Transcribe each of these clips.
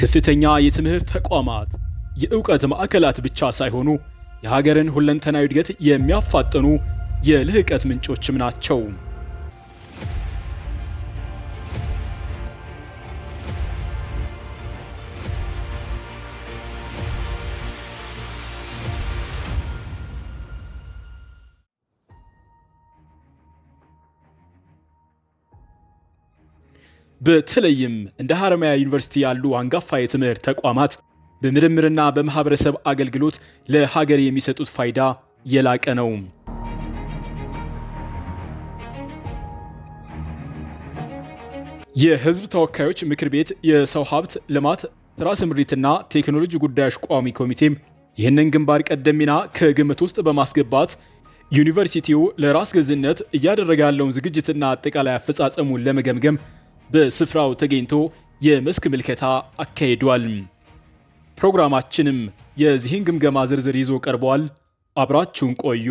ከፍተኛ የትምህርት ተቋማት የእውቀት ማዕከላት ብቻ ሳይሆኑ የሀገርን ሁለንተናዊ እድገት የሚያፋጥኑ የልህቀት ምንጮችም ናቸው። በተለይም እንደ ሐረማያ ዩኒቨርሲቲ ያሉ አንጋፋ የትምህርት ተቋማት በምርምርና በማህበረሰብ አገልግሎት ለሀገር የሚሰጡት ፋይዳ የላቀ ነው። የህዝብ ተወካዮች ምክር ቤት የሰው ሀብት ልማት ስራ ስምሪትና ቴክኖሎጂ ጉዳዮች ቋሚ ኮሚቴም ይህንን ግንባር ቀደም ሚና ከግምት ውስጥ በማስገባት ዩኒቨርሲቲው ለራስ ገዝነት እያደረገ ያለውን ዝግጅትና አጠቃላይ አፈጻጸሙን ለመገምገም በስፍራው ተገኝቶ የመስክ ምልከታ አካሂዷል። ፕሮግራማችንም የዚህን ግምገማ ዝርዝር ይዞ ቀርቧል። አብራችሁን ቆዩ።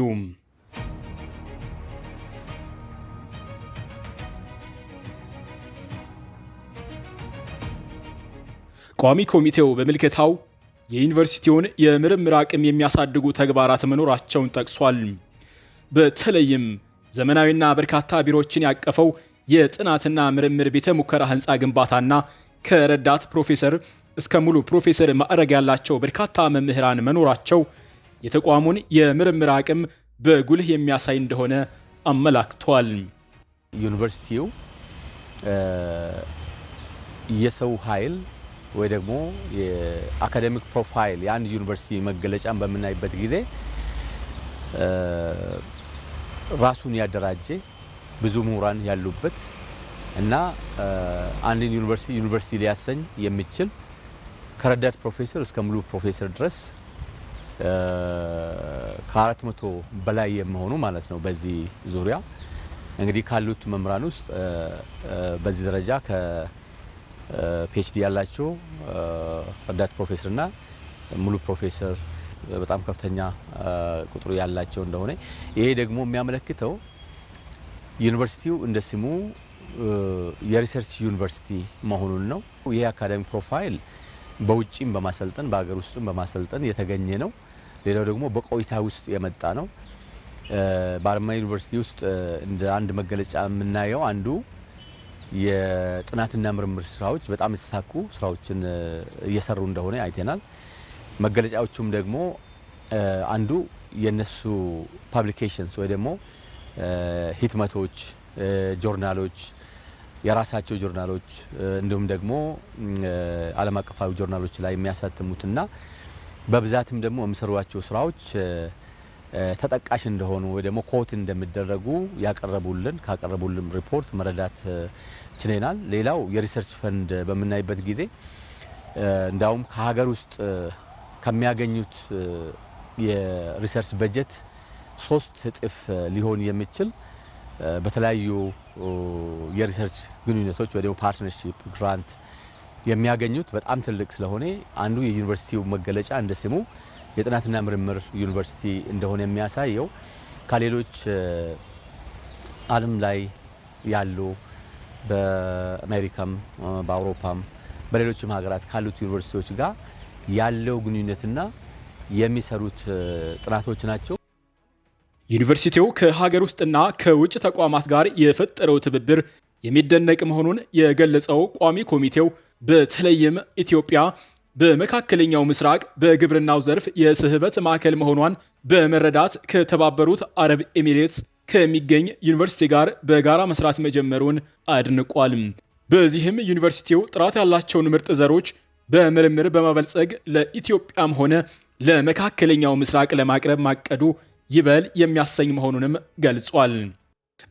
ቋሚ ኮሚቴው በምልከታው የዩኒቨርሲቲውን የምርምር አቅም የሚያሳድጉ ተግባራት መኖራቸውን ጠቅሷል። በተለይም ዘመናዊና በርካታ ቢሮዎችን ያቀፈው የጥናትና ምርምር ቤተ ሙከራ ህንፃ ግንባታና ከረዳት ፕሮፌሰር እስከ ሙሉ ፕሮፌሰር ማዕረግ ያላቸው በርካታ መምህራን መኖራቸው የተቋሙን የምርምር አቅም በጉልህ የሚያሳይ እንደሆነ አመላክቷል። ዩኒቨርሲቲው የሰው ኃይል ወይ ደግሞ የአካዴሚክ ፕሮፋይል የአንድ ዩኒቨርሲቲ መገለጫን በምናይበት ጊዜ ራሱን ያደራጀ ብዙ ምሁራን ያሉበት እና አንድን ዩኒቨርሲቲ ዩኒቨርሲቲ ሊያሰኝ የሚችል ከረዳት ፕሮፌሰር እስከ ሙሉ ፕሮፌሰር ድረስ ከአራት መቶ በላይ የሚሆኑ ማለት ነው። በዚህ ዙሪያ እንግዲህ ካሉት መምህራን ውስጥ በዚህ ደረጃ ከፒኤችዲ ያላቸው ረዳት ፕሮፌሰርና ሙሉ ፕሮፌሰር በጣም ከፍተኛ ቁጥሩ ያላቸው እንደሆነ ይሄ ደግሞ የሚያመለክተው ዩኒቨርሲቲው እንደ ስሙ የሪሰርች ዩኒቨርሲቲ መሆኑን ነው። ይህ አካዳሚ ፕሮፋይል በውጭም በማሰልጠን በሀገር ውስጥም በማሰልጠን የተገኘ ነው። ሌላው ደግሞ በቆይታ ውስጥ የመጣ ነው። በአርማ ዩኒቨርሲቲ ውስጥ እንደ አንድ መገለጫ የምናየው አንዱ የጥናትና ምርምር ስራዎች በጣም የተሳኩ ስራዎችን እየሰሩ እንደሆነ አይተናል። መገለጫዎቹም ደግሞ አንዱ የነሱ ፓብሊኬሽንስ ወይ ደግሞ ሂትመቶች፣ ጆርናሎች የራሳቸው ጆርናሎች እንዲሁም ደግሞ ዓለም አቀፋዊ ጆርናሎች ላይ የሚያሳትሙትና በብዛትም ደግሞ የሚሰሯቸው ስራዎች ተጠቃሽ እንደሆኑ ወይ ደግሞ ኮት እንደሚደረጉ ያቀረቡልን ካቀረቡልን ሪፖርት መረዳት ችለናል። ሌላው የሪሰርች ፈንድ በምናይበት ጊዜ እንዳውም ከሀገር ውስጥ ከሚያገኙት የሪሰርች በጀት ሶስት እጥፍ ሊሆን የሚችል በተለያዩ የሪሰርች ግንኙነቶች ወይ ፓርትነርሽፕ ፓርትነርሺፕ ግራንት የሚያገኙት በጣም ትልቅ ስለሆነ አንዱ የዩኒቨርሲቲው መገለጫ እንደ ስሙ የጥናትና ምርምር ዩኒቨርሲቲ እንደሆነ የሚያሳየው ከሌሎች ዓለም ላይ ያሉ በአሜሪካም በአውሮፓም በሌሎችም ሀገራት ካሉት ዩኒቨርሲቲዎች ጋር ያለው ግንኙነትና የሚሰሩት ጥናቶች ናቸው። ዩኒቨርሲቲው ከሀገር ውስጥና ከውጭ ተቋማት ጋር የፈጠረው ትብብር የሚደነቅ መሆኑን የገለጸው ቋሚ ኮሚቴው በተለይም ኢትዮጵያ በመካከለኛው ምስራቅ በግብርናው ዘርፍ የስህበት ማዕከል መሆኗን በመረዳት ከተባበሩት አረብ ኤሚሬትስ ከሚገኝ ዩኒቨርሲቲ ጋር በጋራ መስራት መጀመሩን አድንቋል። በዚህም ዩኒቨርሲቲው ጥራት ያላቸውን ምርጥ ዘሮች በምርምር በማበልጸግ ለኢትዮጵያም ሆነ ለመካከለኛው ምስራቅ ለማቅረብ ማቀዱ ይበል የሚያሰኝ መሆኑንም ገልጿል።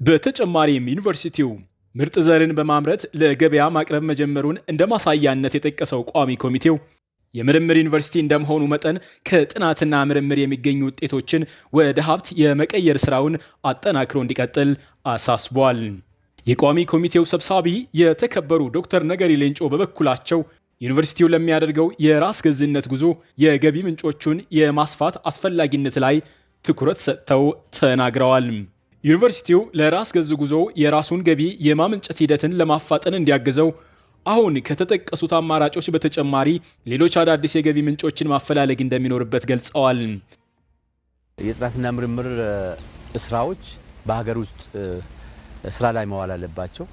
በተጨማሪም ዩኒቨርሲቲው ምርጥ ዘርን በማምረት ለገበያ ማቅረብ መጀመሩን እንደ ማሳያነት የጠቀሰው ቋሚ ኮሚቴው የምርምር ዩኒቨርሲቲ እንደመሆኑ መጠን ከጥናትና ምርምር የሚገኙ ውጤቶችን ወደ ሀብት የመቀየር ስራውን አጠናክሮ እንዲቀጥል አሳስቧል። የቋሚ ኮሚቴው ሰብሳቢ የተከበሩ ዶክተር ነገሪ ሌንጮ በበኩላቸው ዩኒቨርሲቲው ለሚያደርገው የራስ ገዝነት ጉዞ የገቢ ምንጮቹን የማስፋት አስፈላጊነት ላይ ትኩረት ሰጥተው ተናግረዋል። ዩኒቨርሲቲው ለራስ ገዝ ጉዞ የራሱን ገቢ የማመንጨት ሂደትን ለማፋጠን እንዲያግዘው አሁን ከተጠቀሱት አማራጮች በተጨማሪ ሌሎች አዳዲስ የገቢ ምንጮችን ማፈላለግ እንደሚኖርበት ገልጸዋል። የጥናትና ምርምር ስራዎች በሀገር ውስጥ ስራ ላይ መዋል አለባቸው፣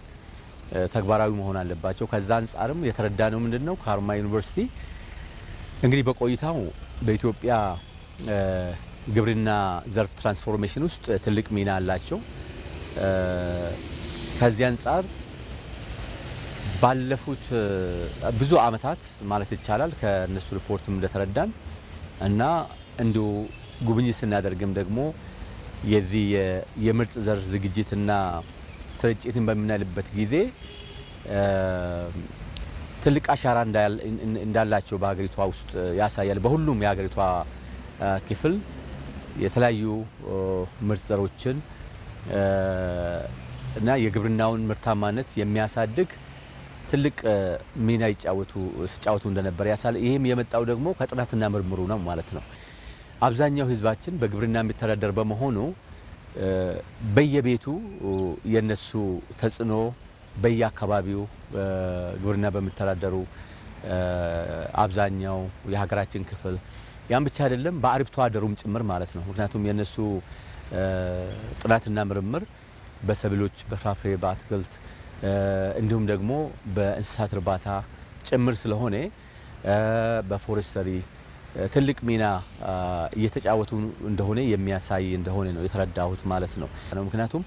ተግባራዊ መሆን አለባቸው። ከዛ አንጻርም የተረዳ ነው ምንድን ነው ሀረማያ ዩኒቨርሲቲ እንግዲህ በቆይታው በኢትዮጵያ ግብርና ዘርፍ ትራንስፎርሜሽን ውስጥ ትልቅ ሚና አላቸው። ከዚህ አንጻር ባለፉት ብዙ አመታት ማለት ይቻላል ከእነሱ ሪፖርትም እንደተረዳን እና እንዲሁ ጉብኝት ስናደርግም ደግሞ የዚህ የምርጥ ዘር ዝግጅትና ስርጭትን በምናይበት ጊዜ ትልቅ አሻራ እንዳላቸው በሀገሪቷ ውስጥ ያሳያል። በሁሉም የሀገሪቷ ክፍል የተለያዩ ምርጥ ዘሮችን እና የግብርናውን ምርታማነት የሚያሳድግ ትልቅ ሚና ይጫወቱ ሲጫወቱ እንደነበር ያሳል። ይህም የመጣው ደግሞ ከጥናትና ምርምሩ ነው ማለት ነው። አብዛኛው ሕዝባችን በግብርና የሚተዳደር በመሆኑ በየቤቱ የነሱ ተጽዕኖ በየአካባቢው ግብርና በሚተዳደሩ አብዛኛው የሀገራችን ክፍል ያም ብቻ አይደለም፣ በአርብቶ አደሩም ጭምር ማለት ነው። ምክንያቱም የነሱ ጥናትና ምርምር በሰብሎች፣ በፍራፍሬ፣ በአትክልት እንዲሁም ደግሞ በእንስሳት እርባታ ጭምር ስለሆነ በፎረስተሪ ትልቅ ሚና እየተጫወቱ እንደሆነ የሚያሳይ እንደሆነ ነው የተረዳሁት ማለት ነው። ምክንያቱም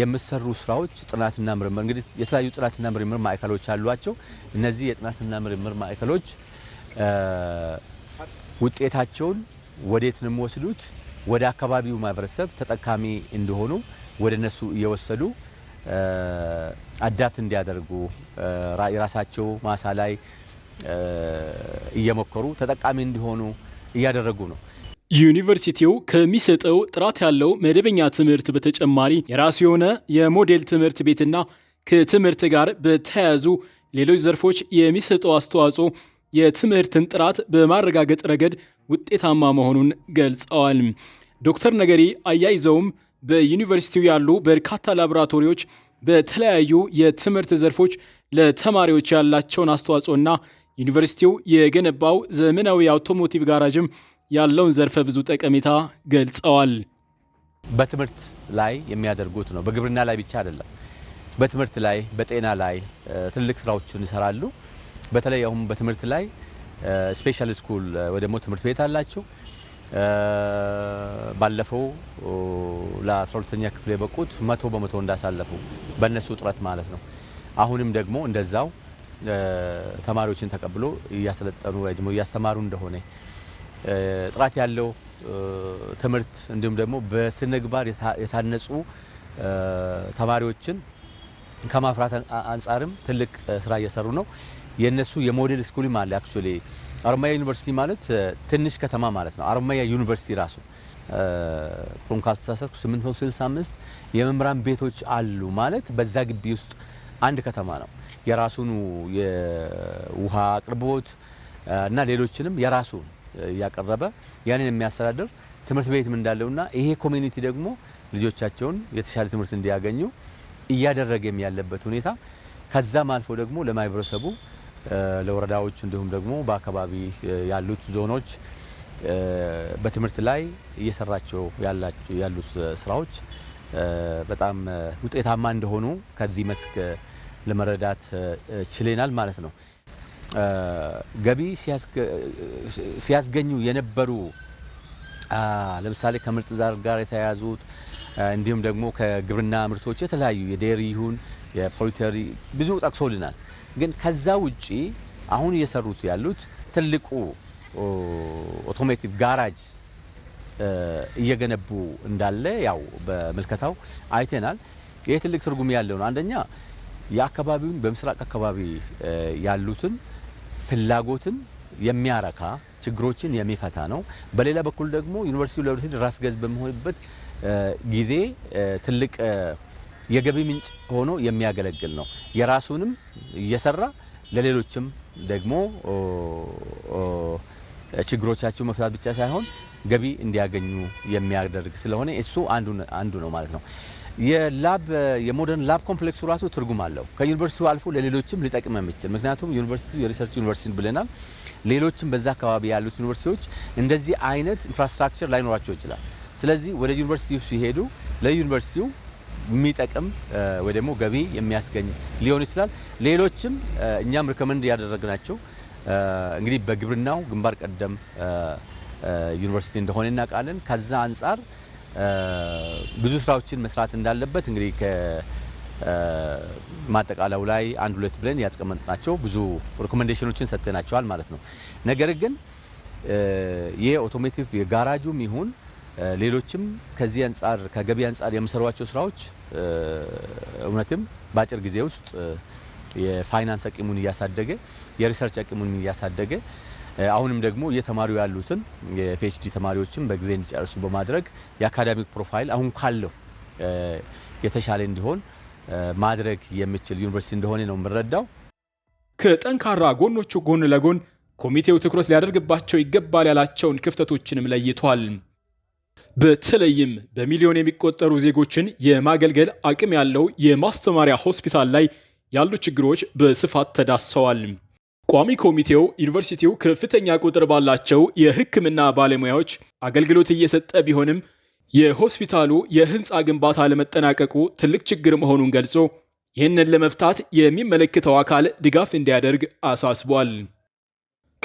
የምሰሩ ስራዎች ጥናትና ምርምር እንግዲህ የተለያዩ ጥናትና ምርምር ማዕከሎች አሏቸው። እነዚህ የጥናትና ምርምር ማዕከሎች ውጤታቸውን ወዴት ነው የሚወስዱት? ወደ አካባቢው ማህበረሰብ ተጠቃሚ እንደሆኑ ወደ እነሱ እየወሰዱ አዳፕት እንዲያደርጉ የራሳቸው ማሳ ላይ እየሞከሩ ተጠቃሚ እንዲሆኑ እያደረጉ ነው። ዩኒቨርሲቲው ከሚሰጠው ጥራት ያለው መደበኛ ትምህርት በተጨማሪ የራሱ የሆነ የሞዴል ትምህርት ቤትና ከትምህርት ጋር በተያያዙ ሌሎች ዘርፎች የሚሰጠው አስተዋጽኦ የትምህርትን ጥራት በማረጋገጥ ረገድ ውጤታማ መሆኑን ገልጸዋል። ዶክተር ነገሪ አያይዘውም በዩኒቨርሲቲው ያሉ በርካታ ላቦራቶሪዎች በተለያዩ የትምህርት ዘርፎች ለተማሪዎች ያላቸውን አስተዋጽኦና ዩኒቨርሲቲው የገነባው ዘመናዊ የአውቶሞቲቭ ጋራጅም ያለውን ዘርፈ ብዙ ጠቀሜታ ገልጸዋል። በትምህርት ላይ የሚያደርጉት ነው። በግብርና ላይ ብቻ አይደለም። በትምህርት ላይ፣ በጤና ላይ ትልቅ ስራዎችን ይሰራሉ። በተለይ አሁን በትምህርት ላይ ስፔሻል ስኩል ወይ ደግሞ ትምህርት ቤት አላቸው። ባለፈው ለ12ተኛ ክፍል የበቁት መቶ በመቶ እንዳሳለፉ በእነሱ ጥረት ማለት ነው። አሁንም ደግሞ እንደዛው ተማሪዎችን ተቀብሎ እያሰለጠኑ ወይ ደግሞ እያስተማሩ እንደሆነ ጥራት ያለው ትምህርት እንዲሁም ደግሞ በስነግባር የታነጹ ተማሪዎችን ከማፍራት አንጻርም ትልቅ ስራ እየሰሩ ነው። የእነሱ የሞዴል ስኩልም አለ። አክቹሊ አርማያ ዩኒቨርሲቲ ማለት ትንሽ ከተማ ማለት ነው። አርማያ ዩኒቨርሲቲ ራሱ ፕሮም ካልተሳሳትኩ 865 የመምህራን ቤቶች አሉ ማለት በዛ ግቢ ውስጥ አንድ ከተማ ነው። የራሱን የውሃ አቅርቦት እና ሌሎችንም የራሱን እያቀረበ ያንን የሚያስተዳድር ትምህርት ቤትም እንዳለውና ይሄ ኮሚኒቲ ደግሞ ልጆቻቸውን የተሻለ ትምህርት እንዲያገኙ እያደረገም ያለበት ሁኔታ ከዛም አልፎ ደግሞ ለማህበረሰቡ ለወረዳዎች እንዲሁም ደግሞ በአካባቢ ያሉት ዞኖች በትምህርት ላይ እየሰራቸው ያሉት ስራዎች በጣም ውጤታማ እንደሆኑ ከዚህ መስክ ለመረዳት ችለናል ማለት ነው። ገቢ ሲያስገኙ የነበሩ ለምሳሌ ከምርጥ ዘር ጋር የተያያዙት እንዲሁም ደግሞ ከግብርና ምርቶች የተለያዩ የዴሪ ይሁን የፖሊተሪ ብዙ ጠቅሶልናል። ግን ከዛ ውጪ አሁን እየሰሩት ያሉት ትልቁ ኦቶሜቲቭ ጋራጅ እየገነቡ እንዳለ ያው በምልከታው አይተናል። ይህ ትልቅ ትርጉም ያለው ነው። አንደኛ የአካባቢውን በምስራቅ አካባቢ ያሉትን ፍላጎትን የሚያረካ ችግሮችን የሚፈታ ነው። በሌላ በኩል ደግሞ ዩኒቨርሲቲው ለወደፊት ራስ ገዝ በመሆንበት ጊዜ ትልቅ የገቢ ምንጭ ሆኖ የሚያገለግል ነው። የራሱንም እየሰራ ለሌሎችም ደግሞ ችግሮቻቸው መፍታት ብቻ ሳይሆን ገቢ እንዲያገኙ የሚያደርግ ስለሆነ እሱ አንዱ ነው ማለት ነው። የላብ የሞደርን ላብ ኮምፕሌክሱ ራሱ ትርጉም አለው። ከዩኒቨርሲቲው አልፎ ለሌሎችም ሊጠቅም የሚችል ምክንያቱም ዩኒቨርሲቲው የሪሰርች ዩኒቨርሲቲ ብለናል። ሌሎችም በዛ አካባቢ ያሉት ዩኒቨርሲቲዎች እንደዚህ አይነት ኢንፍራስትራክቸር ላይኖራቸው ይችላል። ስለዚህ ወደ ዩኒቨርሲቲው ሲሄዱ ለዩኒቨርሲቲው የሚጠቅም ወይ ደግሞ ገቢ የሚያስገኝ ሊሆን ይችላል። ሌሎችም እኛም ሪኮመንድ ያደረግናቸው እንግዲህ በግብርናው ግንባር ቀደም ዩኒቨርሲቲ እንደሆነ እናውቃለን። ከዛ አንጻር ብዙ ስራዎችን መስራት እንዳለበት እንግዲህ ከማጠቃለያው ላይ አንድ ሁለት ብለን ያስቀመጥናቸው ብዙ ሪኮመንዴሽኖችን ሰጥተናቸዋል ማለት ነው። ነገር ግን ይህ ኦቶሜቲቭ የጋራጁም ይሁን ሌሎችም ከዚህ አንጻር ከገቢ አንጻር የምሰሯቸው ስራዎች እውነትም በአጭር ጊዜ ውስጥ የፋይናንስ አቅሙን እያሳደገ የሪሰርች አቅሙን እያሳደገ አሁንም ደግሞ እየተማሩ ያሉትን የፒኤችዲ ተማሪዎችን በጊዜ እንዲጨርሱ በማድረግ የአካዳሚክ ፕሮፋይል አሁን ካለው የተሻለ እንዲሆን ማድረግ የሚችል ዩኒቨርሲቲ እንደሆነ ነው የምረዳው። ከጠንካራ ጎኖቹ ጎን ለጎን ኮሚቴው ትኩረት ሊያደርግባቸው ይገባል ያላቸውን ክፍተቶችንም ለይቷል። በተለይም በሚሊዮን የሚቆጠሩ ዜጎችን የማገልገል አቅም ያለው የማስተማሪያ ሆስፒታል ላይ ያሉ ችግሮች በስፋት ተዳሰዋል። ቋሚ ኮሚቴው ዩኒቨርሲቲው ከፍተኛ ቁጥር ባላቸው የሕክምና ባለሙያዎች አገልግሎት እየሰጠ ቢሆንም የሆስፒታሉ የህንፃ ግንባታ ለመጠናቀቁ ትልቅ ችግር መሆኑን ገልጾ ይህንን ለመፍታት የሚመለከተው አካል ድጋፍ እንዲያደርግ አሳስቧል።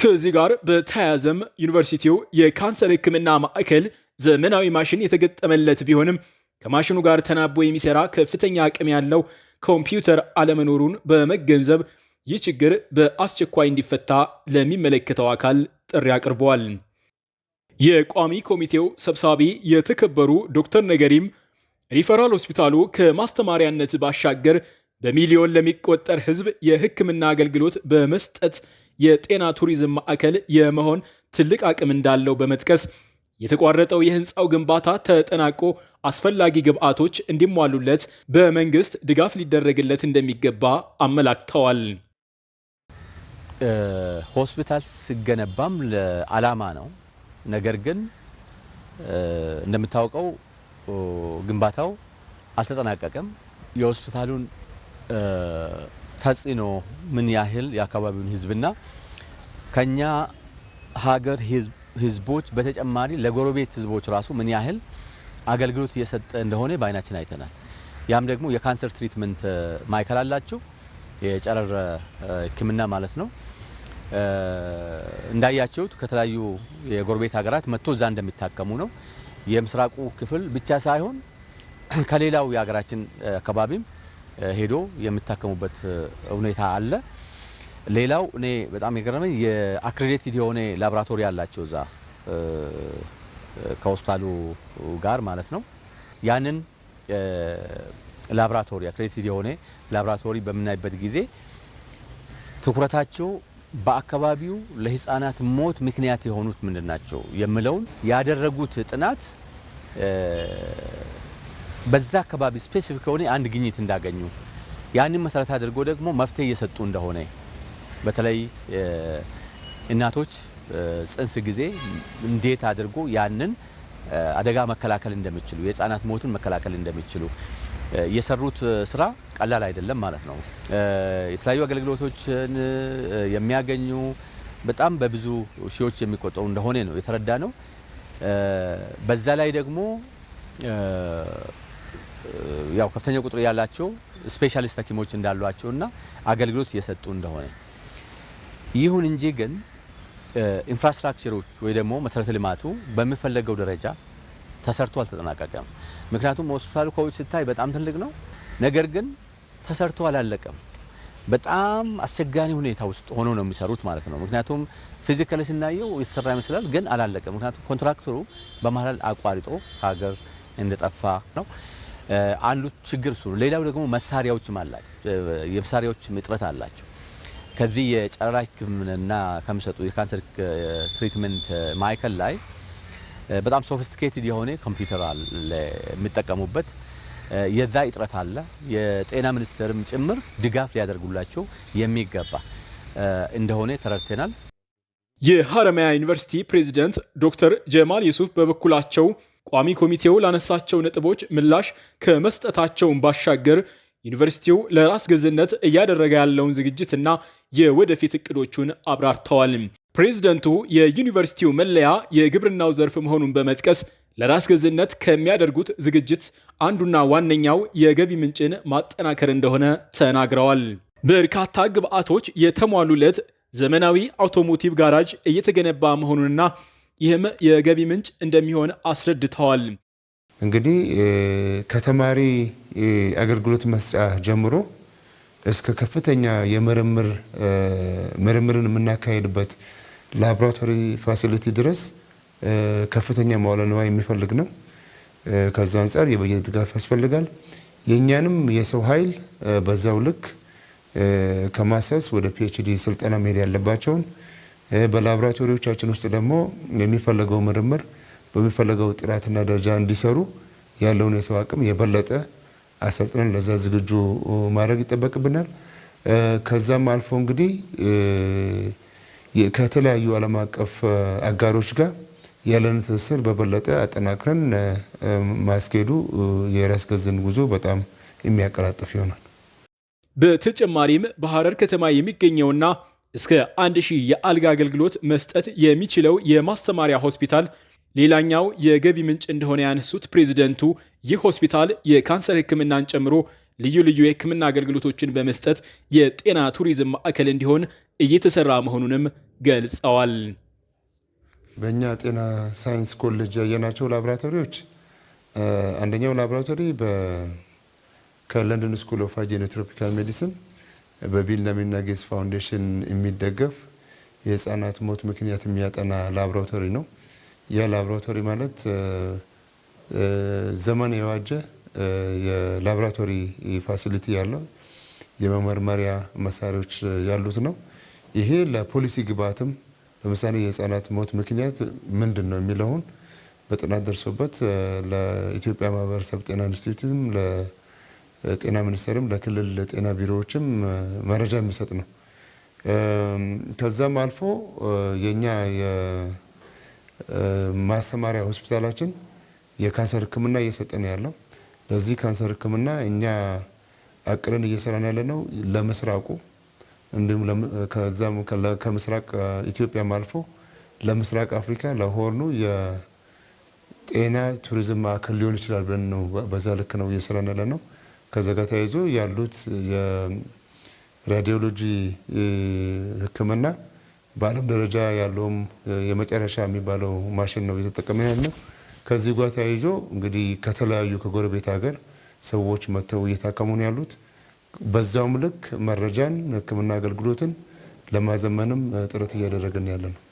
ከዚህ ጋር በተያያዘም ዩኒቨርሲቲው የካንሰር ሕክምና ማዕከል ዘመናዊ ማሽን የተገጠመለት ቢሆንም ከማሽኑ ጋር ተናቦ የሚሰራ ከፍተኛ አቅም ያለው ኮምፒውተር አለመኖሩን በመገንዘብ ይህ ችግር በአስቸኳይ እንዲፈታ ለሚመለከተው አካል ጥሪ አቅርበዋል። የቋሚ ኮሚቴው ሰብሳቢ የተከበሩ ዶክተር ነገሪም ሪፈራል ሆስፒታሉ ከማስተማሪያነት ባሻገር በሚሊዮን ለሚቆጠር ሕዝብ የሕክምና አገልግሎት በመስጠት የጤና ቱሪዝም ማዕከል የመሆን ትልቅ አቅም እንዳለው በመጥቀስ የተቋረጠው የህንፃው ግንባታ ተጠናቆ አስፈላጊ ግብዓቶች እንዲሟሉለት በመንግስት ድጋፍ ሊደረግለት እንደሚገባ አመላክተዋል። ሆስፒታል ሲገነባም ለዓላማ ነው። ነገር ግን እንደምታውቀው ግንባታው አልተጠናቀቀም። የሆስፒታሉን ተጽዕኖ ምን ያህል የአካባቢውን ህዝብና ከኛ ሀገር ህዝብ ህዝቦች በተጨማሪ ለጎረቤት ህዝቦች ራሱ ምን ያህል አገልግሎት እየሰጠ እንደሆነ በአይናችን አይተናል። ያም ደግሞ የካንሰር ትሪትመንት ማዕከል አላቸው፣ የጨረር ህክምና ማለት ነው። እንዳያቸውት ከተለያዩ የጎረቤት ሀገራት መጥቶ እዛ እንደሚታከሙ ነው። የምስራቁ ክፍል ብቻ ሳይሆን ከሌላው የሀገራችን አካባቢም ሄዶ የሚታከሙበት ሁኔታ አለ። ሌላው እኔ በጣም የገረመኝ የአክሬዲቲድ የሆነ ላብራቶሪ አላቸው እዛ ከሆስፒታሉ ጋር ማለት ነው። ያንን ላብራቶሪ አክሬዲቲድ የሆነ ላብራቶሪ በምናይበት ጊዜ ትኩረታቸው በአካባቢው ለህፃናት ሞት ምክንያት የሆኑት ምንድን ናቸው የምለውን ያደረጉት ጥናት በዛ አካባቢ ስፔሲፊክ የሆነ አንድ ግኝት እንዳገኙ ያንን መሰረት አድርጎ ደግሞ መፍትሄ እየሰጡ እንደሆነ በተለይ እናቶች ጽንስ ጊዜ እንዴት አድርጎ ያንን አደጋ መከላከል እንደሚችሉ የህፃናት ሞትን መከላከል እንደሚችሉ የሰሩት ስራ ቀላል አይደለም ማለት ነው። የተለያዩ አገልግሎቶችን የሚያገኙ በጣም በብዙ ሺዎች የሚቆጠሩ እንደሆነ ነው የተረዳ ነው። በዛ ላይ ደግሞ ያው ከፍተኛ ቁጥር ያላቸው ስፔሻሊስት ሐኪሞች እንዳሏቸው እና አገልግሎት እየሰጡ እንደሆነ ይሁን እንጂ ግን ኢንፍራስትራክቸሮች ወይ ደግሞ መሰረተ ልማቱ በሚፈለገው ደረጃ ተሰርቶ አልተጠናቀቀም። ምክንያቱም ሆስፒታሉ ከውጭ ስታይ በጣም ትልቅ ነው፣ ነገር ግን ተሰርቶ አላለቀም። በጣም አስቸጋሪ ሁኔታ ውስጥ ሆኖ ነው የሚሰሩት ማለት ነው። ምክንያቱም ፊዚካሊ ስናየው የተሰራ ይመስላል፣ ግን አላለቀም። ምክንያቱም ኮንትራክተሩ በመሀል አቋርጦ ሀገር እንደጠፋ ነው። አንዱ ችግር እሱ ነው። ሌላው ደግሞ መሳሪያዎችም አላቸው፣ የመሳሪያዎች እጥረት አላቸው። ከዚህ የጨረራ ሕክምና ከሚሰጡ የካንሰር ትሪትመንት ማዕከል ላይ በጣም ሶፊስቲኬትድ የሆነ ኮምፒውተር የሚጠቀሙበት የዛ እጥረት አለ። የጤና ሚኒስቴርም ጭምር ድጋፍ ሊያደርጉላቸው የሚገባ እንደሆነ ተረድተናል። የሀረማያ ዩኒቨርሲቲ ፕሬዚደንት ዶክተር ጀማል ዩሱፍ በበኩላቸው ቋሚ ኮሚቴው ላነሳቸው ነጥቦች ምላሽ ከመስጠታቸውን ባሻገር ዩኒቨርሲቲው ለራስ ገዝነት እያደረገ ያለውን ዝግጅትና የወደፊት እቅዶቹን አብራርተዋል። ፕሬዝደንቱ የዩኒቨርሲቲው መለያ የግብርናው ዘርፍ መሆኑን በመጥቀስ ለራስ ገዝነት ከሚያደርጉት ዝግጅት አንዱና ዋነኛው የገቢ ምንጭን ማጠናከር እንደሆነ ተናግረዋል። በርካታ ግብዓቶች የተሟሉለት ዘመናዊ አውቶሞቲቭ ጋራጅ እየተገነባ መሆኑንና ይህም የገቢ ምንጭ እንደሚሆን አስረድተዋል። እንግዲህ ከተማሪ አገልግሎት መስጫ ጀምሮ እስከ ከፍተኛ የምርምር ምርምርን የምናካሄድበት ላቦራቶሪ ፋሲሊቲ ድረስ ከፍተኛ መዋዕለ ንዋይ የሚፈልግ ነው። ከዛ አንጻር የበጀት ድጋፍ ያስፈልጋል። የእኛንም የሰው ኃይል በዛው ልክ ከማሰስ ወደ ፒኤችዲ ስልጠና መሄድ ያለባቸውን በላቦራቶሪዎቻችን ውስጥ ደግሞ የሚፈለገው ምርምር በሚፈለገው ጥራትና ደረጃ እንዲሰሩ ያለውን የሰው አቅም የበለጠ አሰልጥነን ለዛ ዝግጁ ማድረግ ይጠበቅብናል። ከዛም አልፎ እንግዲህ ከተለያዩ ዓለም አቀፍ አጋሮች ጋር ያለን ትስስር በበለጠ አጠናክረን ማስኬዱ የራስ ገዝን ጉዞ በጣም የሚያቀላጥፍ ይሆናል። በተጨማሪም በሐረር ከተማ የሚገኘውና እስከ አንድ ሺህ የአልጋ አገልግሎት መስጠት የሚችለው የማስተማሪያ ሆስፒታል ሌላኛው የገቢ ምንጭ እንደሆነ ያነሱት ፕሬዚደንቱ ይህ ሆስፒታል የካንሰር ሕክምናን ጨምሮ ልዩ ልዩ የሕክምና አገልግሎቶችን በመስጠት የጤና ቱሪዝም ማዕከል እንዲሆን እየተሰራ መሆኑንም ገልጸዋል። በእኛ ጤና ሳይንስ ኮሌጅ ያየናቸው ላቦራቶሪዎች አንደኛው ላቦራቶሪ ከለንደን ስኩል ኦፍ ሃይጂን ትሮፒካል ሜዲሲን ለሚና ጌትስ ፋውንዴሽን የሚደገፍ የህፃናት ሞት ምክንያት የሚያጠና ላቦራቶሪ ነው። የላብራቶሪ ማለት ዘመን የዋጀ የላብራቶሪ ፋሲሊቲ ያለው የመመርመሪያ መሳሪያዎች ያሉት ነው። ይሄ ለፖሊሲ ግብዓትም ለምሳሌ የህፃናት ሞት ምክንያት ምንድን ነው የሚለውን በጥናት ደርሶበት ለኢትዮጵያ ማህበረሰብ ጤና ኢንስቲትዩትም ለጤና ሚኒስቴርም ለክልል ጤና ቢሮዎችም መረጃ የሚሰጥ ነው። ከዛም አልፎ የኛ ማሰማሪያ ሆስፒታላችን የካንሰር ህክምና እየሰጠን ያለው ለዚህ ካንሰር ህክምና እኛ አቅደን እየሰራን ያለ ነው። ለምስራቁ እንዲሁም ከዛም ከምስራቅ ኢትዮጵያም አልፎ ለምስራቅ አፍሪካ ለሆርኑ የጤና ቱሪዝም ማዕከል ሊሆን ይችላል ብለን ነው በዛ ልክ ነው እየሰራን ያለ ነው። ከዛ ጋር ተያይዞ ያሉት የራዲዮሎጂ ህክምና። በዓለም ደረጃ ያለውም የመጨረሻ የሚባለው ማሽን ነው እየተጠቀመ ያለው። ከዚህ ጋር ተያይዞ እንግዲህ ከተለያዩ ከጎረቤት ሀገር ሰዎች መጥተው እየታከሙ ነው ያሉት። በዛውም ልክ መረጃን ሕክምና አገልግሎትን ለማዘመንም ጥረት እያደረግን ያለ ነው።